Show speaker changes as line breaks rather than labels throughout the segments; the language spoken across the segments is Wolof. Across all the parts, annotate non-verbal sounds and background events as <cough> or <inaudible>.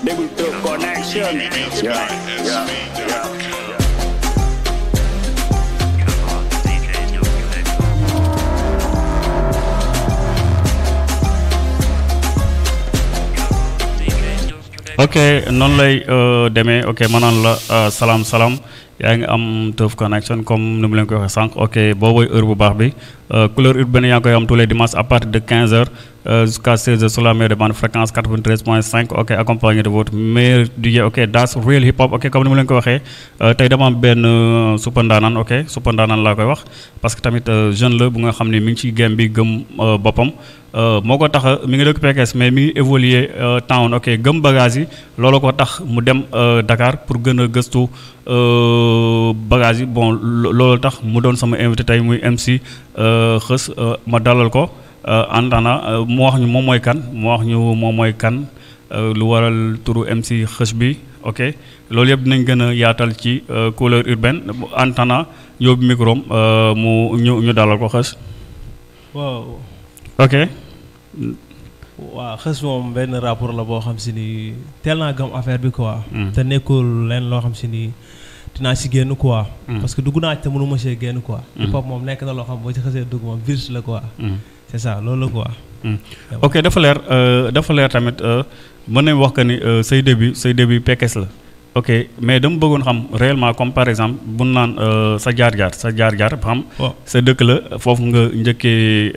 They will feel connection. Yeah, yeah, ok noonu lay uh, demee ok ma la uh, salaam salaam yaa ngi am Teuf Connection comme ni mu leen waxee sànq ok boo heure bu baax bi Euh, couleur urbaine yaa koy am tous les dimanches à partir de 15 heures euh, jusqu'à 16 heures sur la meilleure des bandes fréquence ok accompagné de votre meilleur DJ ok that's real hip hop ok comme ni ma leen ko waxee euh, tey dama benn supandaanaan ok supandaanaan laa koy wax parce que tamit jeune la bu nga xam ne mi ngi ci game bi gëm boppam moo ko tax mi ngi dëkk Pekes mais mi évoluer évoluer town ok gëm bagage yi loolu ko tax mu dem Dakar pour gën gëstu bagage yi tax mu doon sama invité tey muy MC xës euh, ma dalal ko euh, àndaana euh, mu wax ñu moom mooy kan mu wax ñu moom mooy kan lu waral turu MC xës bi ok loolu yëpp dinañ gën a yaatal ci couleur urbaine antana yóbbu micro mu ñu ñu dalal ko xës. waaw. ok.
waaw xës moom benn rapport la boo xam si ni teel naa gëm affaire bi quoi. Hmm. te nekkul leen loo xam si ni. dinaa si génn quoi. Mm. parce que dugg naa ci te mënu ma see génn quoi. Mm. hip hop moom nekk na loo xam boo ci xasee dugg moom virus la quoi. Mm. c' est ça loolu la quoi.
ok dafa leer euh, dafa leer tamit euh, mën nañu wax que ni euh, say début say début pekes la. ok mais dama bëggoon xam réelement comme par exemple bu naan sa jaar-jaar sa jaar-jaar ba xam. sa dëkk la foofu nga njëkkee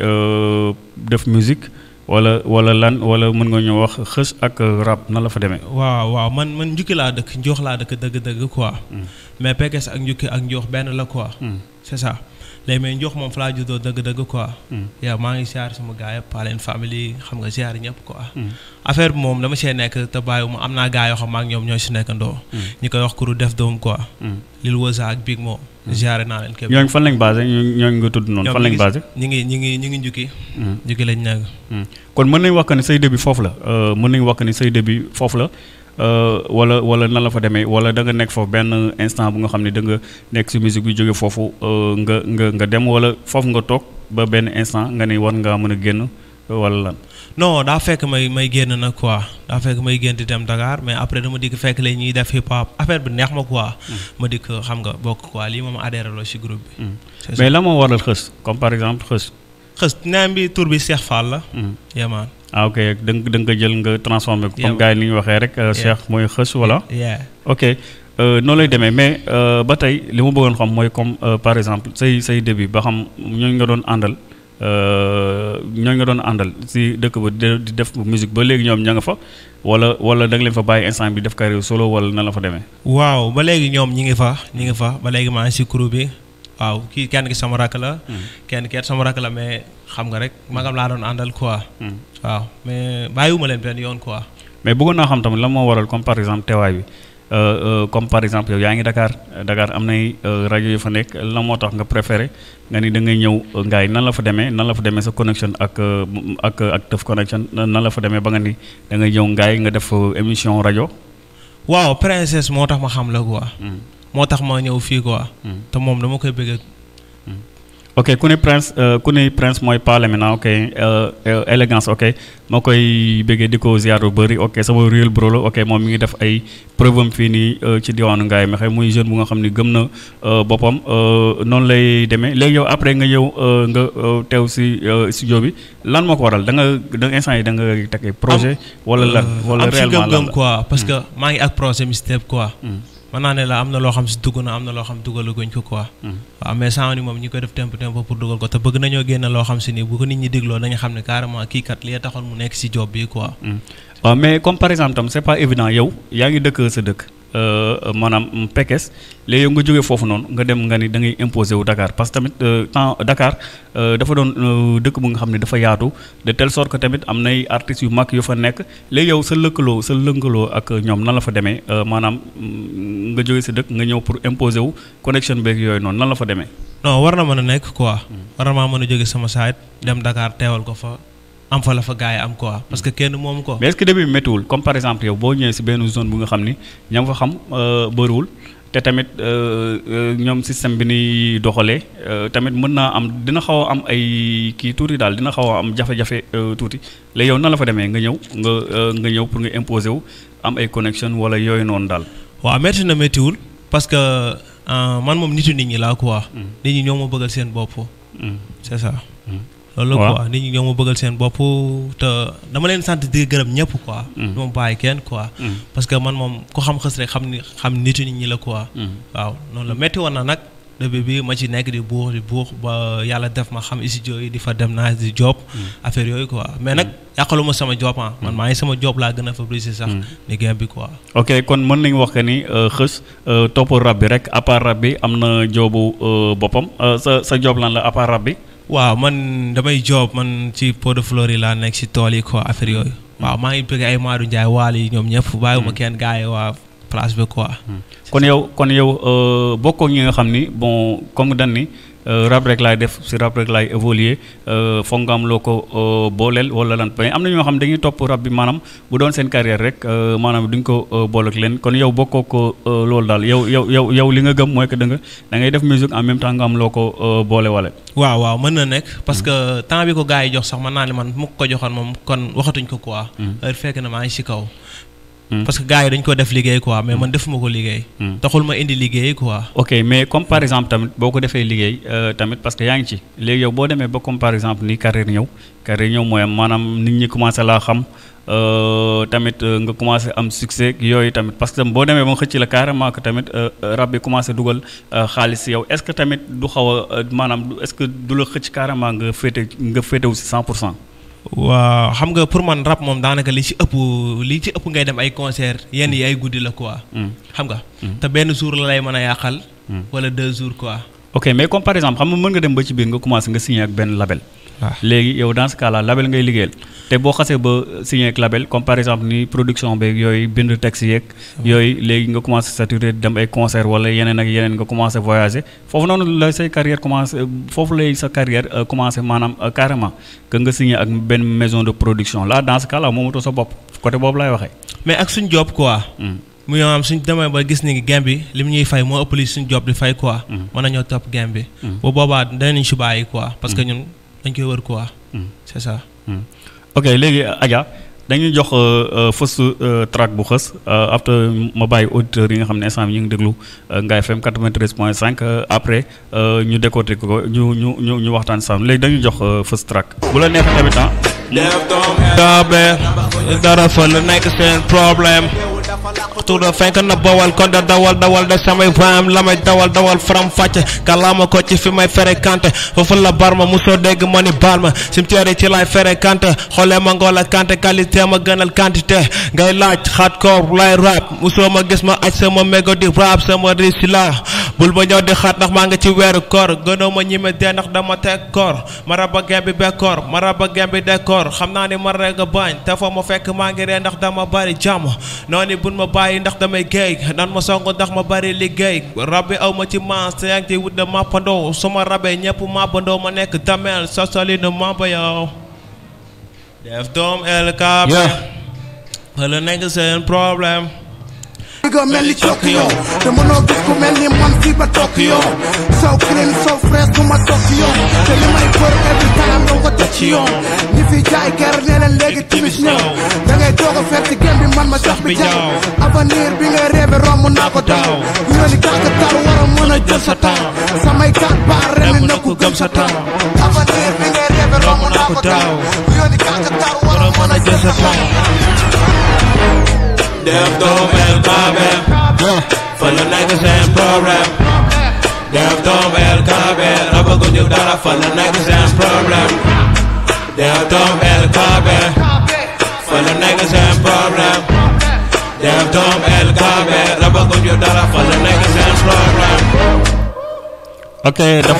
def musique. wala wala lan wala mën nga ñoo wax xës ak rab na la fa demee.
waaw waaw man man njukki laa dëkk njoox laa dëkk dëgg-dëgg quoi. Mm. mais pekes ak njukki ak njoox benn la quoi. Mm. c'est ça. léegi mais njox moom fa laa juddoo dëgg-dëgg quoi. Hmm. yow maa ngi siyaar sama gars yëpp paa leen famille xam nga siyaar ñëpp quoi. Hmm. affaire bi moom dama see nekk te mu am naa gars yoo xam maa ñoom ñoo si nekkandoo. Hmm. ñi koy wax ku kuru def doom quoi. lil wasa ak big moom. siyaare naa leen képp. ñooñu fan lañ
basé ñooñu nga tudd noonu. fan lañ basé
ñu ngi ñu ngi ñi ngi njukki. njukki lañ nekk.
kon mën nañu wax que ni say début foofu la euh, mën nañu wax que ni say début foofu la Euh, wala wala na la fa demee wala da nga nekk foofu benn instant bu nga xam ne da nga nekk si musique bi jóge foofu euh, nga nga nga dem wala foofu nga toog ba benn instant nga ne war ngaa mën a génn euh, wala lan.
non daa fekk may may génn nag quoi daa fekk may génn di dem Dakar mais après dama dikk fekk la ñuy def hip hop affaire bi neex ma quoi. Mm. ma dikk xam nga bokk quoi lii moom adhéré loo si groupe
bi. Mm. mais la moo waral xës comme par exemple xës. xës naam bi tur bi Cheikh Fall la. Mm. yemaan ah ok da nga da nga ko jël nga transformé ko comme gars yi ni ñu waxee rek euh, Cheikh mooy xës voilà ok euh, noonu lay demee mais euh, ba tey li mu bëggoon xam mooy comme par exemple say say début ba xam ñooñu nga doon àndal ñooñu nga doon àndal si dëkk ba di def musique ba léegi ñoom ña nga fa wala wala da nga leen fa bàyyi instant bi def carrière solo wala na la fa demee
waaw ba léegi ñoom ñi ngi fa ñi ngi fa ba léegi maa si crew bi waaw kii kenn ki sama rakk la. Hmm. kenn ki sama rakk la mais xam nga rek magam laa doon àndal quoi. Hmm. waaw mais bàyyiwuma leen benn yoon quoi.
mais bëggoon naa xam tamit lan moo waral comme par exemple teewaay bi euh, euh, comme par exemple yaa ngi dakaar Dakar am nay euh, rajo yi fa nekk lan moo tax nga préféré nga ni da ngay ñëw ngaay nan la fa demee nan la fa demee sa connexion ak ak ak Teuf Connection nan la fa demee ba nga ni da ngay ñëw nga def émission rajo.
waaw princesse moo tax ma xam la quoi. Hmm. moo tax ma ñëw fii quoi. Hmm. te moom dama koy bëggee. Hmm.
ok ku ne prince euh, ku ne prince mooy parlement ok euh, euh, élégance ok moo koy bëggee di ko ziar bu bëri ok sama réel bro ok moom mi ngi def ay preuve am fii nii ci diwaanu Ngaye Mekhe muy jeune bu nga xam ne gëm na boppam noonu lay demee léegi yow après nga ñëw nga teew si studio bi lan moo ko waral da nga da instant yi da nga teg projet wala lan wala réellement lan la quoi parce hmm.
que maa ngi ak projet mi step quoi. mën naa ne la am na loo xam si dugg na am na loo xam dugalaguñ ko quoi. Mm-hmm. waaw mais saa ni moom ñi ko def temp temp pour dugal ko te bëgg nañoo génn loo xam si ni bu ko nit ñi dégloo dañu xam ne carrément kii kat li taxoon mu nekk si job bi quoi.
Mm-hmm. waaw mais comme par exemple tam c'est pas évident yaa ngi dëkk sa dëkk. Euh, euh, maanaam Pekes léegi nga jógee foofu noonu nga dem nga ni da ngay imposer wu Dakar parce que tamit euh, temps Dakar dafa doon dëkk bu nga xam ne dafa yaatu de telle sorte que tamit am nay artistes yu mag yu fa nekk léegi yow sa lëkkaloo sa lënkaloo ak ñoom nan la fa demee maanaam mm, nga jógee sa dëkk nga ñëw pour imposer wu connexion beeg yooyu noonu nan la fa demee.
non war na mën a nekk quoi. Hmm. war na maa mën a jóge sama site dem Dakar teewal ko fa. am fa la fa gars yi am quoi parce que kenn moomu ko mais
est que début bi méttiwul comme par exemple yow boo ñëwee si benn zone bu nga xam ni ña fa xam euh, bëriwul te tamit euh, euh, ñoom système bi nuy doxalee tamit mën naa am dina xaw a am ay kii tuuti daal dina xaw a am jafe-jafe tuuti léegi yow nan la fa demee nga ñëw nga nga ñëw pour nga imposer wu am ay connexion wala yooyu noonu daal.
waaw métti na méttiwul parce que man moom nitu nit ñi laa quoi. Mm. nit ñi ñoo ma seen bopp. Mm. loolu la quoi nit ñi ñoo ma bëggal seen bopp te dama leen sant di gërëm ñëpp quoi. Mm. du ma bàyyi kenn quoi. Mm. parce que man moom ku xam xës rek xam ni xam nitu nit ñi la quoi. Mm. waaw noonu la métti woon na nag début bi ma ci nekk di buux di buux ba yàlla def ma xam studio yi di fa dem naa di job. affaire yooyu quoi mais nag yàqalu ma sama job ah. man maa ngi sama job laa gën a favoriser sax. liggéeyam bi quoi.
ok kon mën nañu wax que ni euh, xës euh, topp rab bi rek à rab bi am na jobu euh, boppam sa sa job la à bi.
waaw man damay job man ci pot de fleur laa nekk ci tool yi quoi affaire yooyu. Hmm. waaw maa ngi bëgg ay Maadou Ndiaye waal yi ñoom ñëpp. bàyyiwuma hmm. kenn gars waa waa place bi quoi.
Hmm. kon yow kon yow euh, bokkoo ñi nga xam ni bon comme dañ ni Uh, rab rek laay def si rab rek laay évoluer uh, fongaam loo ko uh, booleel wala lan mais am na ñoo xam dañuy topp rab bi maanaam bu doon seen carrière rek maanaam duñ ko booleeg leen kon yow bokkoo ko loolu daal yow yow yow yow li nga gëm mooy que da nga da ngay def musique en même temps nga am loo ko boole wale
waaw waaw mën na nekk parce mm. que temps bi ko gars yi jox sax man naa ne man mu ko joxoon moom kon waxatuñ ko quoi. Mm. heure fekk na maa ngi si kaw. Hmm. parce que gars yi dañ ko def liggéey quoi mais hmm. man defuma ko liggéey. Hmm. taxul ma indi liggéey quoi.
ok mais comme par exemple tamit boo ko defee liggéey euh, tamit parce que yaa ngi ci léegi yow boo demee ba comme par exemple ni carrière ñëw carrière ñëw mooy maanaam nit ñi commencé laa xam euh, tamit euh, nga commencé am succès yooyu tamit parce que boo demee ba nga xëcc la carrément que tamit rab bi commencé dugal xaalis yow est ce que tamit du xaw a maanaam est ce que du la xëcc carrément nga féete nga féetewu si 100 pour cent.
waaw xam nga pour man rap moom daanaka li ci ëpp li ci ëpp ngay dem ay concert yenn yi ay guddi la quoi. Mm. xam nga. Mm. te benn jour la lay mën a yàqal. Mm. wala deux jours quoi.
ok mais comme par exemple xam nga mën nga dem ba ci biir nga commencé nga signé ak benn label. waaw ah. léegi yow dans ce cas là label ngay liggéeyal. te boo xasee ba signé ak label comme par exemple ni production beeg yooyu bind texte yeeg. yooy léegi nga commencé saturé dem ay concert wala yeneen ak yeneen nga commencé voyager foofu noonu la say carrière commencé foofu lay sa carrière euh, commencé maanaam euh, carrément que nga signé ak benn maison de production là dans ce cas là moomatoo sa bopp côté boobu laay waxee. mais ak suñ
job quoi. Hmm. mu yoo am suñ demee ba gis ni game bi li mu ñuy fay moo ëpp li suñ job di fay quoi. Hmm. mën nañoo topp game bi. Hmm. bu si bàyyi quoi. parce que ñun dañ koy wër quoi. c'est
ok léegi Adja dañuy jox euh, euh, first euh, track bu xës after ma bàyyi auditeurs yi nga xam ne instant bi ñu ngi déglu nga FM 93.5 après ñu décorté ko ñu ñu ñu ñu waxtaan sam léegi dañuy jox first track bu la neexee
tamit ah. dara fa
le nekk seen problème.
tuura fenk na bawal kon da dawal dawal da samay vaam la may dawal dawal faram fàcce kalaama ko ci fi may fréquenté foofu la barma musoo dégg ma ni baal ma cimetière yi ci laay fréquenté xoolee ma ngool a kanté qualité ma gënal quantité ngay laaj xaat koor lay rap musoo ma gis ma aj sama mégo di rap sama risi la bul ba ñëw di xat ndax maa nga ci weeru koor gënoo ma ñime dee ndax dama te koor maraba gembi be koor maraba gembi de koor xam naa ni mar nga bañ te fa ma fekk maa ngi ree ndax dama bari jàmm noonu bul ma bàyyi ndax damay géey nan ma songu ndax ma bari liggéey rabbi aw ma ci maas te yaa wudda wut de màppandoo suma rabee ñëpp màppandoo ma nekk dameel sosolinu màmba yow def doom el cap wala nekk seen problème
nga mel ni cokk yow leave Tokyo. So clean, so fresh to my Tokyo. Tell you my work every time, no what touch you. If you die, get a little leg, snow. Then I talk of it again, be man, my job be down. I've been here, being a river, I'm on Nago down. You only got the tower, what I'm on a just a town. Some I got bar, and no cook comes a town. I've been here, being a river, I'm on Nago down. You only got the tower, what I'm on a just a town.
Death, don't man, my man. Yeah follow like a problem. program. Damn Tom El Cabel, I'm a good dollar, follow like a sand program. Damn Tom El Cabel, follow like a sand program.
Damn Tom El Cabel, I'm a good dollar, Okay, the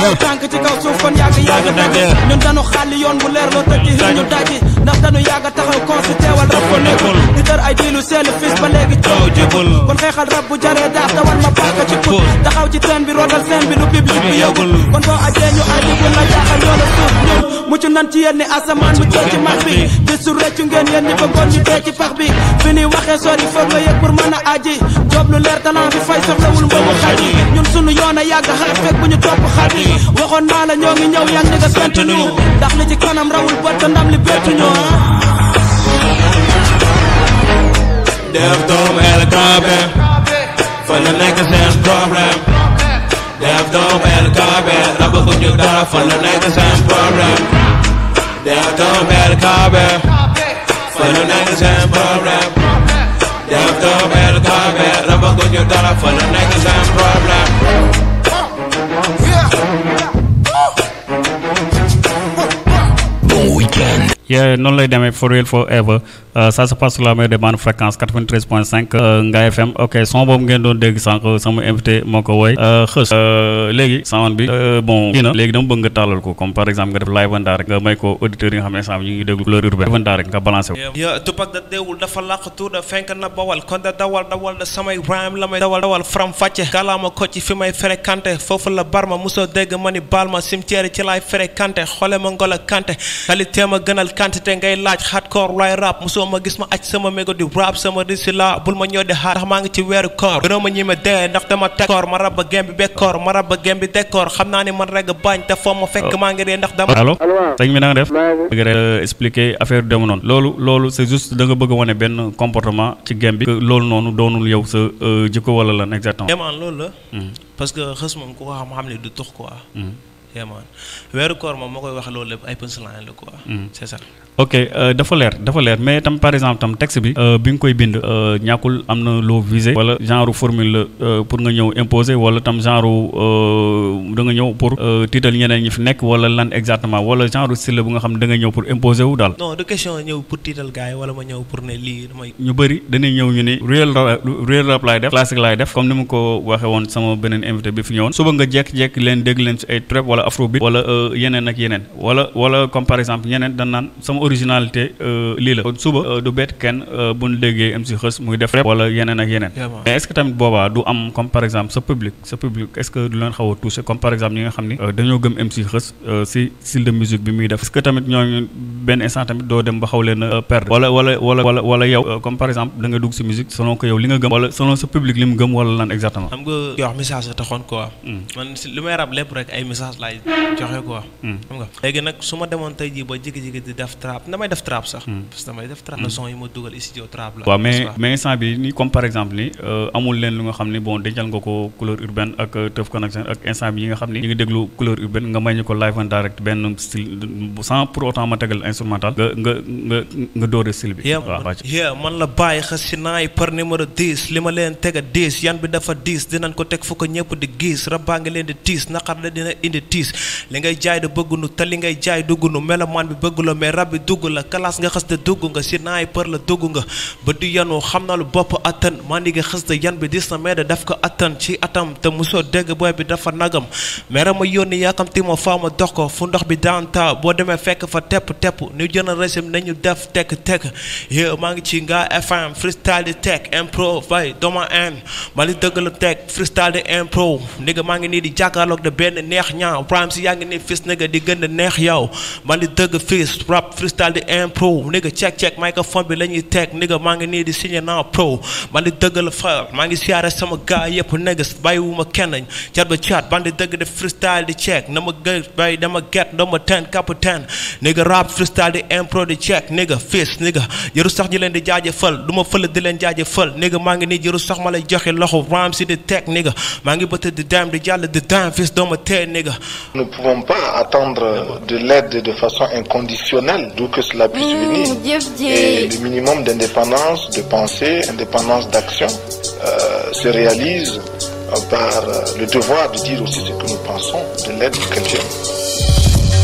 jaay tànk ci kaw suuf kon yàgg yàgg nekk ñun dañu xàlli yoon bu leer loo tëj ci ñu dajji ndax dañu yàgg taxaw kon si teewal rab ko nekkul di tër ay diilu seelu fis ba léegi coow jibul kon xeexal rab bu jaree daaf dawal ma paaka ci put taxaw ci teen bi rotal seen bi lu public bi yëgul kon boo ajee ñu ay digul la jaaxal yoon a suuf ñun mucc nan ci yéen ni asamaan bu cee ci mag bi gisul rëccu ngeen yéen ñi bëggoon ñu dee ci pax bi fi ni waxee sori foog aji job lu leer talent bi fay soxlawul mbëgu xaj yi ñun sunu yoon a yàgg xaar fekk bu ñu topp xaj yi la ñoo ngi ñëw yan nga tent ñu ndax li ci kanam rawul bët te ndam li bettu ñoo ah. def doom el kaabe fa la nekk seen problème
def doom el kaabe rab ko ñu dara fa la nekk seen problème def doom el kaabe fa la nekk seen problème
your dollar for the niggas problem.
Yeah, no lay that for real forever. Euh, ça se passe sur la meilleure des bandes fréquence 93.5 euh, Ngaye FM ok son boobu ngeen doon dégg sama invité moo ko woy euh, xës léegi sound bi bon kii léegi dama bëgg nga tàllal ko comme par exemple nga def live vandaa rek nga may ko auditeurs yi nga xam ne instant bi ñu déglu couleur urbaine vandaa rek nga balancé wu
da déewul dafa làqatu da fenk na bawal kon da dawal dawal da samay rhyme la may dawal dawal fàcce galaama ko ci fi may fréquenté foofu ma gis ma aj sama mego di rap sama di sila bul ma ñoo di xaar ma ngi ci wéru koor gënoo ma ñima dé ndax dama tek koor ma rabba gembi be koor ma rabba gembi dé koor xam naa ni man rek bañ te fo ma fekk oh. ma ngi dé ndax dama allo
dañ mi na nga def bëgg rek euh, expliquer affaire dem non lolu lolu c'est juste da nga bëgg wone ben comportement ci gembi lolu nonu doonul yow sa euh, jikko wala lan exactement dem loolu la hmm.
parce que xës mom ko xam xam ne du tox quoi hmm. weeru koor moom moo koy wax loolu ay punchline la quoi. Mm. c'est
euh, dafa leer dafa leer mais tam par exemple tam texte bi. Euh, bi nga koy bind euh, ñàkkul am na loo visé. wala genre formule pour nga ñëw imposer wala tam genre da nga ñëw pour tiital ñeneen ñi fi nekk wala lan exactement wala genre style da nga ñëw pour imposer wu daal. non
de question ñëw pour tiital gars yi wala ma ñëw pour ne lii
damay. ñu bëri dañuy ñëw ñu ni real real rap laay def classique laay def comme ni ma ko waxee woon sama beneen invité bi fi ñëwoon suba nga jékki-jékki leen dégg leen ci ay trap wala wala afrobeat euh, wala yeneen ak yeneen wala wala comme par exemple ñeneen dañ naan sama originalité euh, lii la suba euh, du bet kenn bu ñu déggee MC Xeuss muy def rek wala yeneen ak yeneen. mais est ce que tamit boobaa du am comme par exemple sa public sa public est ce que du leen xaw a touché comme par exemple ñi nga xam ni dañoo gëm MC Xeuss si style de musique bi muy def est ce que tamit ñooñu benn instant tamit doo dem ba xaw leen a perdre wala wala wala wala yow comme par exemple da nga dugg si musique selon que yow li nga gëm wala selon sa public li mu gëm wala lan exactement. xam
nga wax message la taxoon quoi. Hmm. man lu may rab lépp rek ay message laay laay joxe quoi hmm. xam nga léegi nag su ma demoon tey jii ba jékki-jékki di def trap damay def trap sax hmm. parce que damay def trap la hmm. son yi ma dugal studio trap la waaw mais
mais instant bi ni comme par exemple ni euh, amul leen lu nga xam ni bon dencal nga ko couleur urbaine ak euh, teuf connection ak instant bi yi nga xam ni ñu ngi déglu couleur urbaine nga may ñu ko live and direct benn style sans pour autant ma tegal instrumental nga nga nga nga doore style bi waaw man la bàyyi
xasinaay par numéro 10 li ma leen tega 10 yan bi dafa 10 dinañ ko teg fu ko ñëpp di gis rab ngi leen di tiis naqar la dina indi li ngay jaay da bëgg te li ngay jaay dugg nu melomaan bi bëgg la mais rab bi dugg la classe nga xës da dugg nga si naay për la dugg nga ba du yanu xam na lu bopp attan mandi nga xës da bi dis na mais da daf ko attan ci atam te mosoo dégg booy bi dafa nagam mais rama yónni yaakamti ma faa dox ko fu ndox bi daanta boo demee fekk fa tepp tepp ñu jën a régime nañu def tekk tekk yé maa ngi ci nga fm freestyle di teg impro bay doma an ma li dëgg la teg freestyle di prime si yaa ngi ne fis nigga di gën a neex yow man di dëgg fis rap freestyle di improve nigga check check microphone bi la ñuy teg nigga maa ngi nii di signé naa pro man di dëgg la fa maa ngi siyaare sama gars yëpp nigga bàyyiwuma kenn cat ba chat man di dëgg di freestyle di check na ma gë bay dama get dama ten cap ten nigga rap freestyle di impro di check nigga fis nigga jëru sax ñi leen di jaajëfal du ma fël di leen jaajëfal nigga maa ngi nii jëru sax ma lay joxe loxo rhyme si di teg nigga maa ngi bëtt di dem di jàll
di dem fis dooma tee nigga Nous ne pouvons pas attendre de l'aide de façon inconditionnelle, d'où que cela puisse mm, venir. Et le minimum d'indépendance de pensée, indépendance d'action, euh, se réalise par euh, le devoir de dire aussi ce que nous pensons de l'aide que quelqu'un.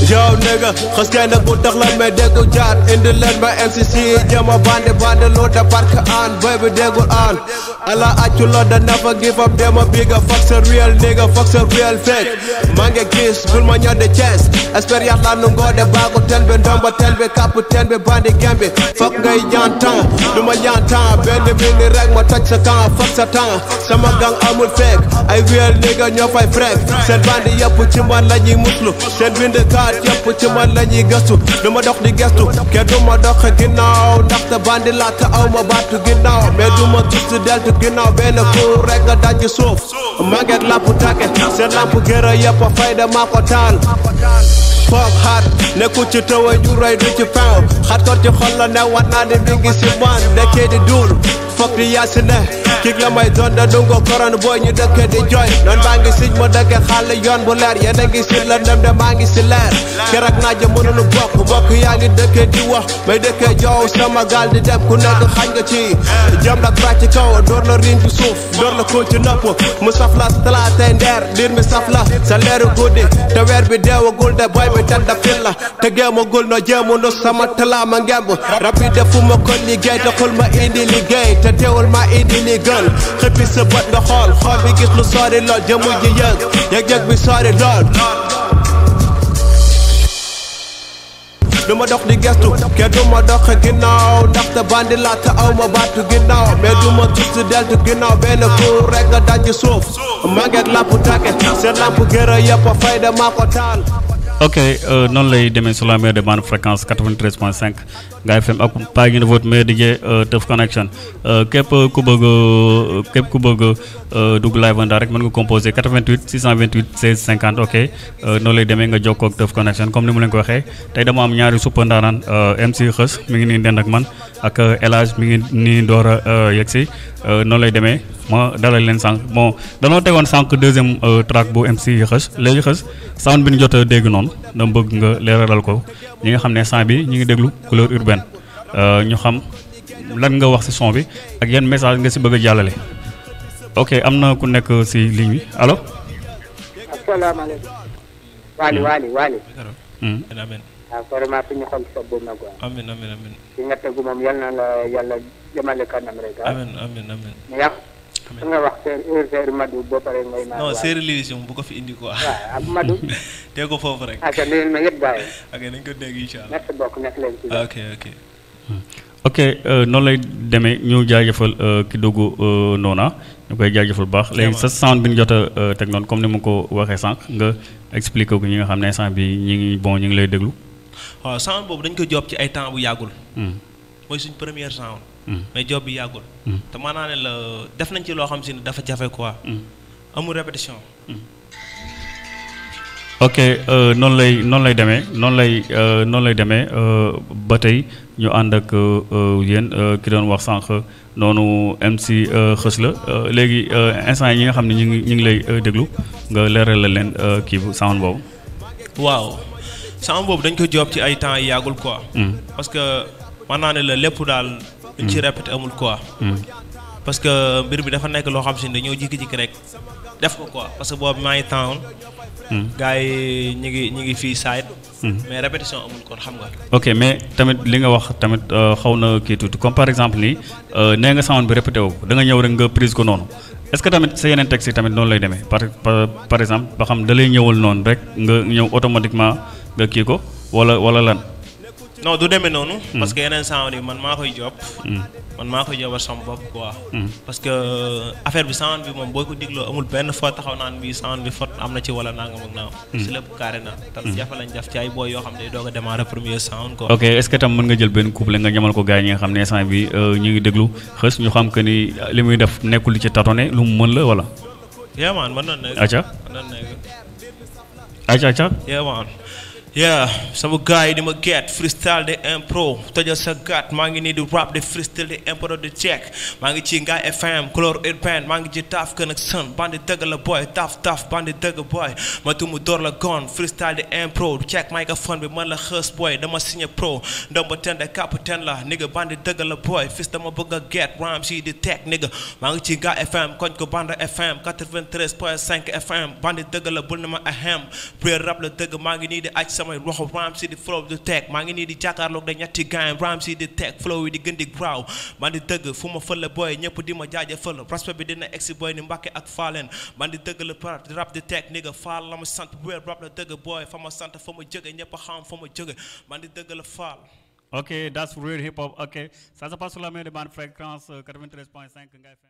Yo nigga xës kenn bu tax lan may déggu jaat indi leen ma MCC jama bande bande lu da park aan baby déggul aan ala accu lo da never give up dema bigger, fuck sa real nigga fuck sa real fake maa ngi gis bul ma ñoo de chance expérience la nu ngoo de baagu tel bi ndomba tel bi kapp tel bi bandi gambi. fuck ngay ñaan temps du ma ñaan temps benn minute rek ma touch sa temps fuck sa temps sama gang amul fake I real nigga ñoo fay frek seen bandi yëpp ci man la ñuy muslu seen bind kaar maa képp ci man la ñuy gëstu du ma dox di gëstu kenn du ma dox ginnaaw ndaxte bandi laa te aw ma baatu ginnaaw mais du ma tuuti deltu ginnaaw benn kuur rek nga daj suuf màgget làmp tàkke seen làmp gërë yëpp fayda maa ko taal pop xaat nekku ci tëwa ju rey du ci feew xaat ko ci xol la ne war naa ne mi ngi si man nekkee di duul foog di yaasi ne kick la may doon da dungo koron booy ñu dëkk di jooy noon baa ngi siñ ma dëkk xàll yoon bu leer yéen a ngi la dem de maa ngi si leer keroog naaja mënunu bokk bokk yaa ngi dëkkee di wax may dëkkee joow sama gaal di dem ku nekk xañ nga ci jëm la bra ci kaw door la riin ci suuf door la kóol ci nopp mu saf la talaatay ndeer liir mi saf la sa leeru guddi te weer bi deewagul de boy bi tan da fit la te géemagul no jéemu nu sama talaa ma ngemb rab yi ma ko liggéey ma indi liggéey te teewul ma indi liggéey گل خپی سبت نخال خوابی گیت لساری لال جمو یک یک یک بیساری لال duma dox di gestu ke duma doxe ginnaaw ndaxte bandi laa te aw ma baatu ginnaaw mais duma tusti deltu ginnaaw benn kuur rek nga dajji suuf maget lapp tàgge seen lamp gërë yëpp fayda maa ko taal
ok euh, noonu lay demee sur la meilleure des bandes fréquence 93.5 nga FM accompagné de votre meilleur DJ euh, Teuf Connection euh, képp ku bëgg képp ku bëgg dugg live en direct mën nga composé 88 628 16 50 ok noonu lay demee nga jokkoo ak Teuf Connection comme ni mu leen ko waxee tey dama am ñaari suppa ndaanaan MC Xës mi ngi nii dend ak man ak El Hadj mi ngi nii door a yegg si noonu lay demee. ma dalal leen sànq bon danoo tegoon sànq deuxième euh, track bu MC Xeuss léegi Xeuss sound bi ñu jot a dégg noonu dama bëgg nga leeralal ko ñi nga xam ne sant bi ñu ngi déglu couleur urbaine euh, ñu xam lan nga wax ci son bi ak yan message nga ci bëgg a jàllale. ok am na ku nekk ci ligne bi allo.
asalaamaaleykum. Waly hmm. Waly Waly. waaw hmm. ah, vraiment fi ñu xool sa boobu nag nga tegu moom yal na la yàlla jëmale kanam rek. Ah. amiin nga wax séer séeru Madou boo bu ko fi indi quoi. waaw Madou. <laughs> teg ko foofu rek. ah leen ma yëpp ko dégg incha allah. nekk bokk nekk leen
noonu lay demee ñu jaajëfal euh, ki dugg euh, noona ñu koy jaajëfal bu baax léegi sa sound bi ñu jot euh, teg noon comme ni ma ko waxee sànq nga expliqué ko ñi nga xam ne sànq bi ñu ngi bon ñu ngi lay déglu.
waaw sound boobu dañ ko job ci ay temps bu yàggul. Hmm. mooy suñ première sound. mais job bi yàggul. Mm. te maanaa ne la def nañ ci loo xam si ne dafa jafe quoi. Mm. amul répétition. Mm.
ok euh, noonu lay noonu lay demee noonu lay euh, noonu lay demee euh, ba tey ñu ànd ak yéen ki doon wax sànq noonu MC xës la léegi instant yi nga xam ne ñu ngi ñu ngi lay déglu nga leeral la leen kii bu sound boobu.
waaw sound boobu dañ ko job ci ay temps yàggul quoi. parce que naa ne la lépp daal. luñ ci répété amul quoi. Hmm. parce que mbir bi dafa nekk loo xam si ne dañoo jikki jékki rek def ko quoi parce que boobu maa ngi temps hmm. gars yi ñu ngi ñu ngi fii side hmm. mais répétition amul kon xam nga.
ok mais tamit li nga wax tamit euh, xaw na kii tuuti comme par exemple nii euh, nee nga sound bi répété wu da nga ñëw rek nga prise ko noonu est-ce que tamit sa yeneen texte yi tamit noonu lay demee par par exemple ba xam da lay ñëwal noonu rek nga ñëw automatiquement nga kii ko wala wala lan.
non du démé nonu hmm. parce que yenen sang man koy job hmm. man koy jobal sama bop quoi hmm. parce que euh, affaire bi sang bi mom boy ko diglo amul ben fo taxaw nan bi sang bi fot amna ci wala nangam ak naaw ci lepp carré na tam jafa lañ jaf ci ay boy yo xamne doga démarrer premier
sound quoi ok est ce que tam mën nga jël ben couple nga ñamal ko gaay nga xamne sang bi euh, ñi ngi déglu xeus ñu xam que ni limuy def nekul ci tatoné lu mën la wala
yeah man man na acha man na acha acha yeah man yeah some guy yi di get freestyle the impro tojal sa gat maa ngi rap the freestyle the emperor the check maa chinga FM color it maa ngi ci tough connection. bandi dëgg la boy taaf taaf bandi dëgg boy ma tumu door la gone. freestyle the impro check microphone be man la xës boy dama senior pro ndomba ten cap capitaine la nigga bandi dëgg la boy fis dama bëgg get ram she detect nigga maa ngi ci Ngaye FM koñ ko banda FM 93 point 5 FM bandi dëgg la boy na ma ahem pré rap la dëgg maa ngi nii di sama loxo ram si di flow di teg maa ngi nii di jàkkaarloog da ñetti gaayam ram si di teg flow yi di gën di graaw man di dëgg fu ma fële booy ñëpp di ma jaajëfal respect bi dina egsi booy ni mbàkke ak faaleen man di dëgg la par rap di teg ni nga faal la ma sant wéer rap la dëgg boy. fa ma sant fa ma jóge ñëpp xam fa ma jóge man di dëgg
la faal Okay, that's real hip hop. Okay, ça se passe sur la main de Bande Fréquence 93.5 Ngai